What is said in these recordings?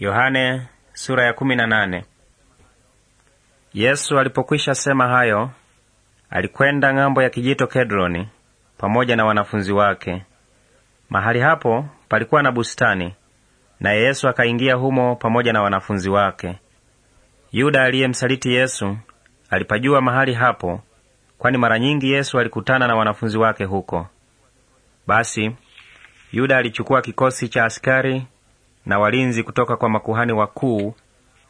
Yohane sura ya kumi na nane. Yesu alipokwisha sema hayo, alikwenda ng'ambo ya kijito Kedroni pamoja na wanafunzi wake. Mahali hapo palikuwa na bustani, naye Yesu akaingia humo pamoja na wanafunzi wake. Yuda aliyemsaliti Yesu alipajua mahali hapo, kwani mara nyingi Yesu alikutana na wanafunzi wake huko. Basi Yuda alichukua kikosi cha askari na walinzi kutoka kwa makuhani wakuu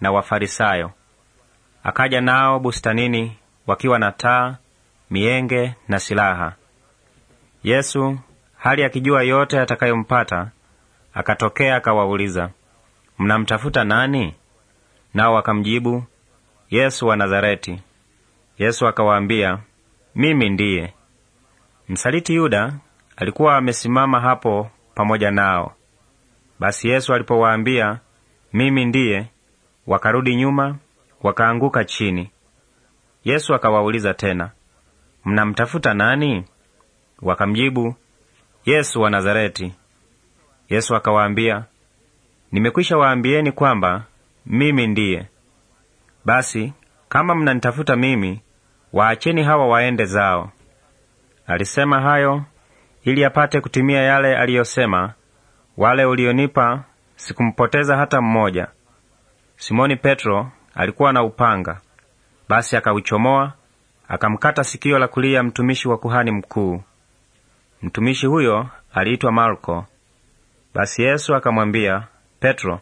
na Wafarisayo. Akaja nao bustanini wakiwa na taa, mienge na silaha. Yesu hali akijua yote yatakayompata, akatokea akawauliza, mnamtafuta nani? Nao wakamjibu, Yesu wa Nazareti. Yesu akawaambia, mimi ndiye. Msaliti Yuda alikuwa amesimama hapo pamoja nao. Basi Yesu alipowaambia mimi ndiye, wakarudi nyuma, wakaanguka chini. Yesu akawauliza tena, mnamtafuta nani? Wakamjibu, Yesu wa Nazareti. Yesu akawaambia, nimekwisha waambieni kwamba mimi ndiye. Basi kama mnanitafuta mimi, waacheni hawa waende zao. Alisema hayo ili apate kutimia yale aliyosema, wale ulionipa sikumpoteza hata mmoja. Simoni Petro alikuwa na upanga, basi akauchomoa akamkata sikio la kulia mtumishi wa kuhani mkuu. Mtumishi huyo aliitwa Marko. Basi Yesu akamwambia Petro,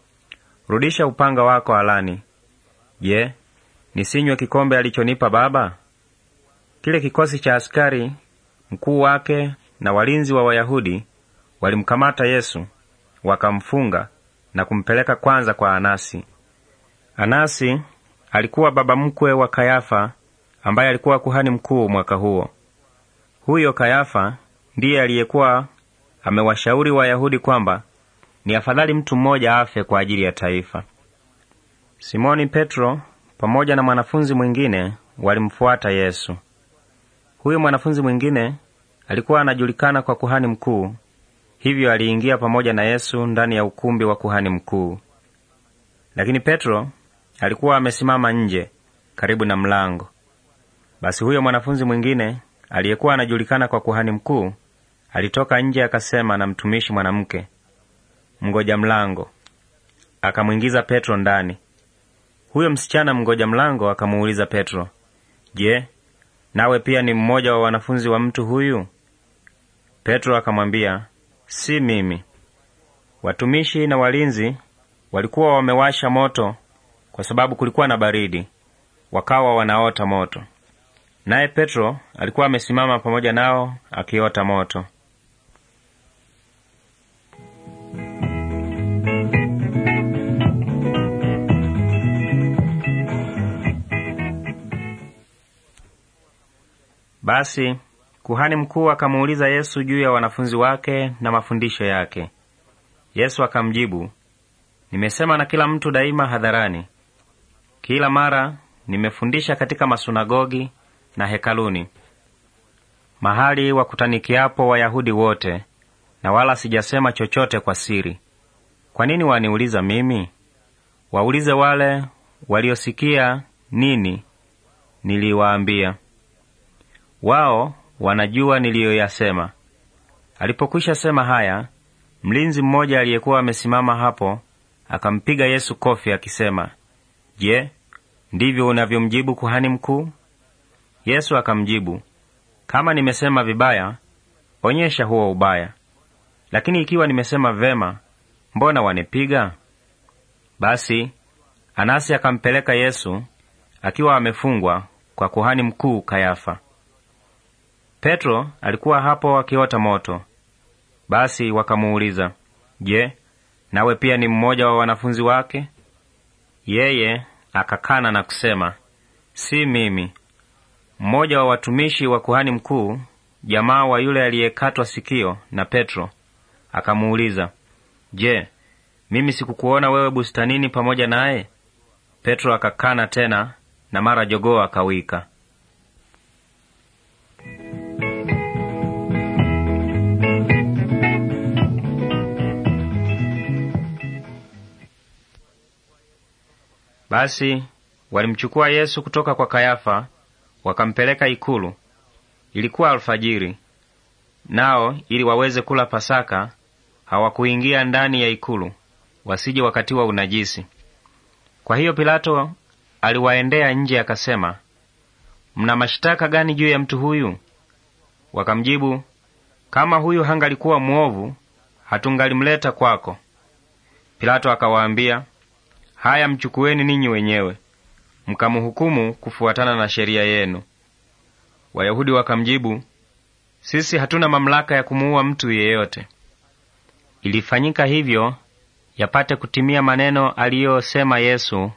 rudisha upanga wako alani. Je, nisinywe kikombe alichonipa Baba? Kile kikosi cha askari mkuu wake na walinzi wa Wayahudi walimkamata Yesu wakamfunga na kumpeleka kwanza kwa Anasi. Anasi alikuwa baba mkwe wa Kayafa ambaye alikuwa kuhani mkuu mwaka huo. Huyo Kayafa ndiye aliyekuwa amewashauri Wayahudi kwamba ni afadhali mtu mmoja afe kwa ajili ya taifa. Simoni Petro pamoja na mwanafunzi mwingine walimfuata Yesu. Huyo mwanafunzi mwingine alikuwa anajulikana kwa kuhani mkuu Hivyo aliingia pamoja na Yesu ndani ya ukumbi wa kuhani mkuu, lakini Petro alikuwa amesimama nje karibu na mlango. Basi huyo mwanafunzi mwingine aliyekuwa anajulikana kwa kuhani mkuu alitoka nje, akasema na mtumishi mwanamke mgoja mlango, akamwingiza Petro ndani. Huyo msichana mgoja mlango akamuuliza Petro, Je, nawe pia ni mmoja wa wanafunzi wa mtu huyu? Petro akamwambia, si mimi. Watumishi na walinzi walikuwa wamewasha moto kwa sababu kulikuwa na baridi, wakawa wanaota moto. Naye Petro alikuwa amesimama pamoja nao akiota moto. Basi Kuhani mkuu akamuuliza Yesu juu ya wanafunzi wake na mafundisho yake. Yesu akamjibu, nimesema na kila mtu daima hadharani, kila mara nimefundisha katika masunagogi na hekaluni, mahali wakutanikiapo Wayahudi wote, na wala sijasema chochote kwa siri. Kwa nini waniuliza mimi? Waulize wale waliosikia nini niliwaambia. Wao wanajua niliyoyasema. Alipokwisha sema haya, mlinzi mmoja aliyekuwa amesimama hapo akampiga Yesu kofi akisema, Je, ndivyo unavyomjibu kuhani mkuu? Yesu akamjibu, kama nimesema vibaya, onyesha huo ubaya, lakini ikiwa nimesema vema, mbona wanipiga? Basi Anasi akampeleka Yesu akiwa amefungwa kwa kuhani mkuu Kayafa. Petro alikuwa hapo akiota moto. Basi wakamuuliza, Je, nawe pia ni mmoja wa wanafunzi wake? Yeye akakana na kusema, si mimi. Mmoja wa watumishi wa kuhani mkuu, jamaa wa yule aliyekatwa sikio na Petro, akamuuliza, Je, mimi sikukuona wewe bustanini pamoja naye? Petro akakana tena, na mara jogoo akawika. Basi walimchukua Yesu kutoka kwa Kayafa wakampeleka ikulu. Ilikuwa alfajiri, nao ili waweze kula Pasaka hawakuingia ndani ya ikulu, wasije wakatiwa unajisi. Kwa hiyo Pilato aliwaendea nje akasema, mna mashitaka gani juu ya mtu huyu? Wakamjibu, kama huyu hangalikuwa mwovu hatungalimleta kwako. Pilato akawaambia, Haya, mchukueni ninyi wenyewe mkamhukumu kufuatana na sheria yenu. Wayahudi wakamjibu, sisi hatuna mamlaka ya kumuua mtu yeyote. Ilifanyika hivyo yapate kutimia maneno aliyosema Yesu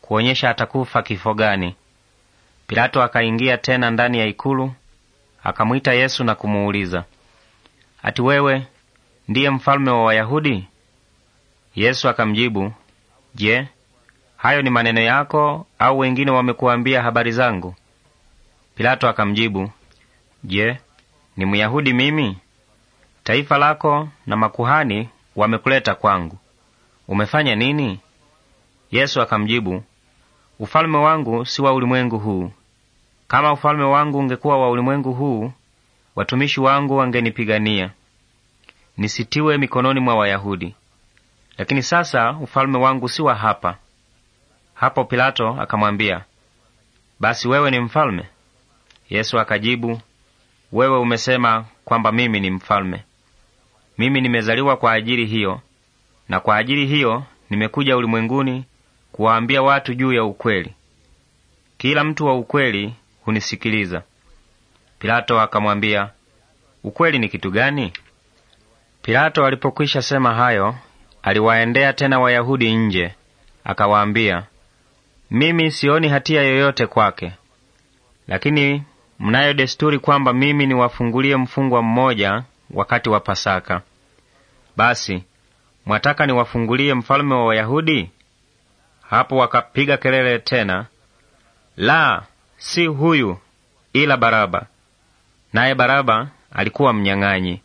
kuonyesha atakufa kifo gani. Pilato akaingia tena ndani ya ikulu akamwita Yesu na kumuuliza, ati wewe ndiye mfalme wa Wayahudi? Yesu akamjibu, Je, hayo ni maneno yako au wengine wamekuambia habari zangu? Pilato akamjibu, Je, ni Myahudi mimi? Taifa lako na makuhani wamekuleta kwangu. Umefanya nini? Yesu akamjibu, Ufalme wangu si wa ulimwengu huu. Kama ufalme wangu ungekuwa wa ulimwengu huu, watumishi wangu wangenipigania nisitiwe mikononi mwa Wayahudi lakini sasa ufalme wangu si wa hapa. Hapo Pilato akamwambia, basi wewe ni mfalme? Yesu akajibu, wewe umesema kwamba mimi ni mfalme. Mimi nimezaliwa kwa ajili hiyo, na kwa ajili hiyo nimekuja ulimwenguni kuwaambia watu juu ya ukweli. Kila mtu wa ukweli hunisikiliza. Pilato akamwambia, ukweli ni kitu gani? Pilato alipokwisha sema hayo, Aliwaendea tena Wayahudi nje, akawaambia, mimi sioni hatia yoyote kwake, lakini mnayo desturi kwamba mimi niwafungulie mfungwa mmoja wakati wa Pasaka. Basi mwataka niwafungulie mfalme wa Wayahudi? Hapo wakapiga kelele tena, la, si huyu, ila Baraba. Naye Baraba alikuwa mnyang'anyi.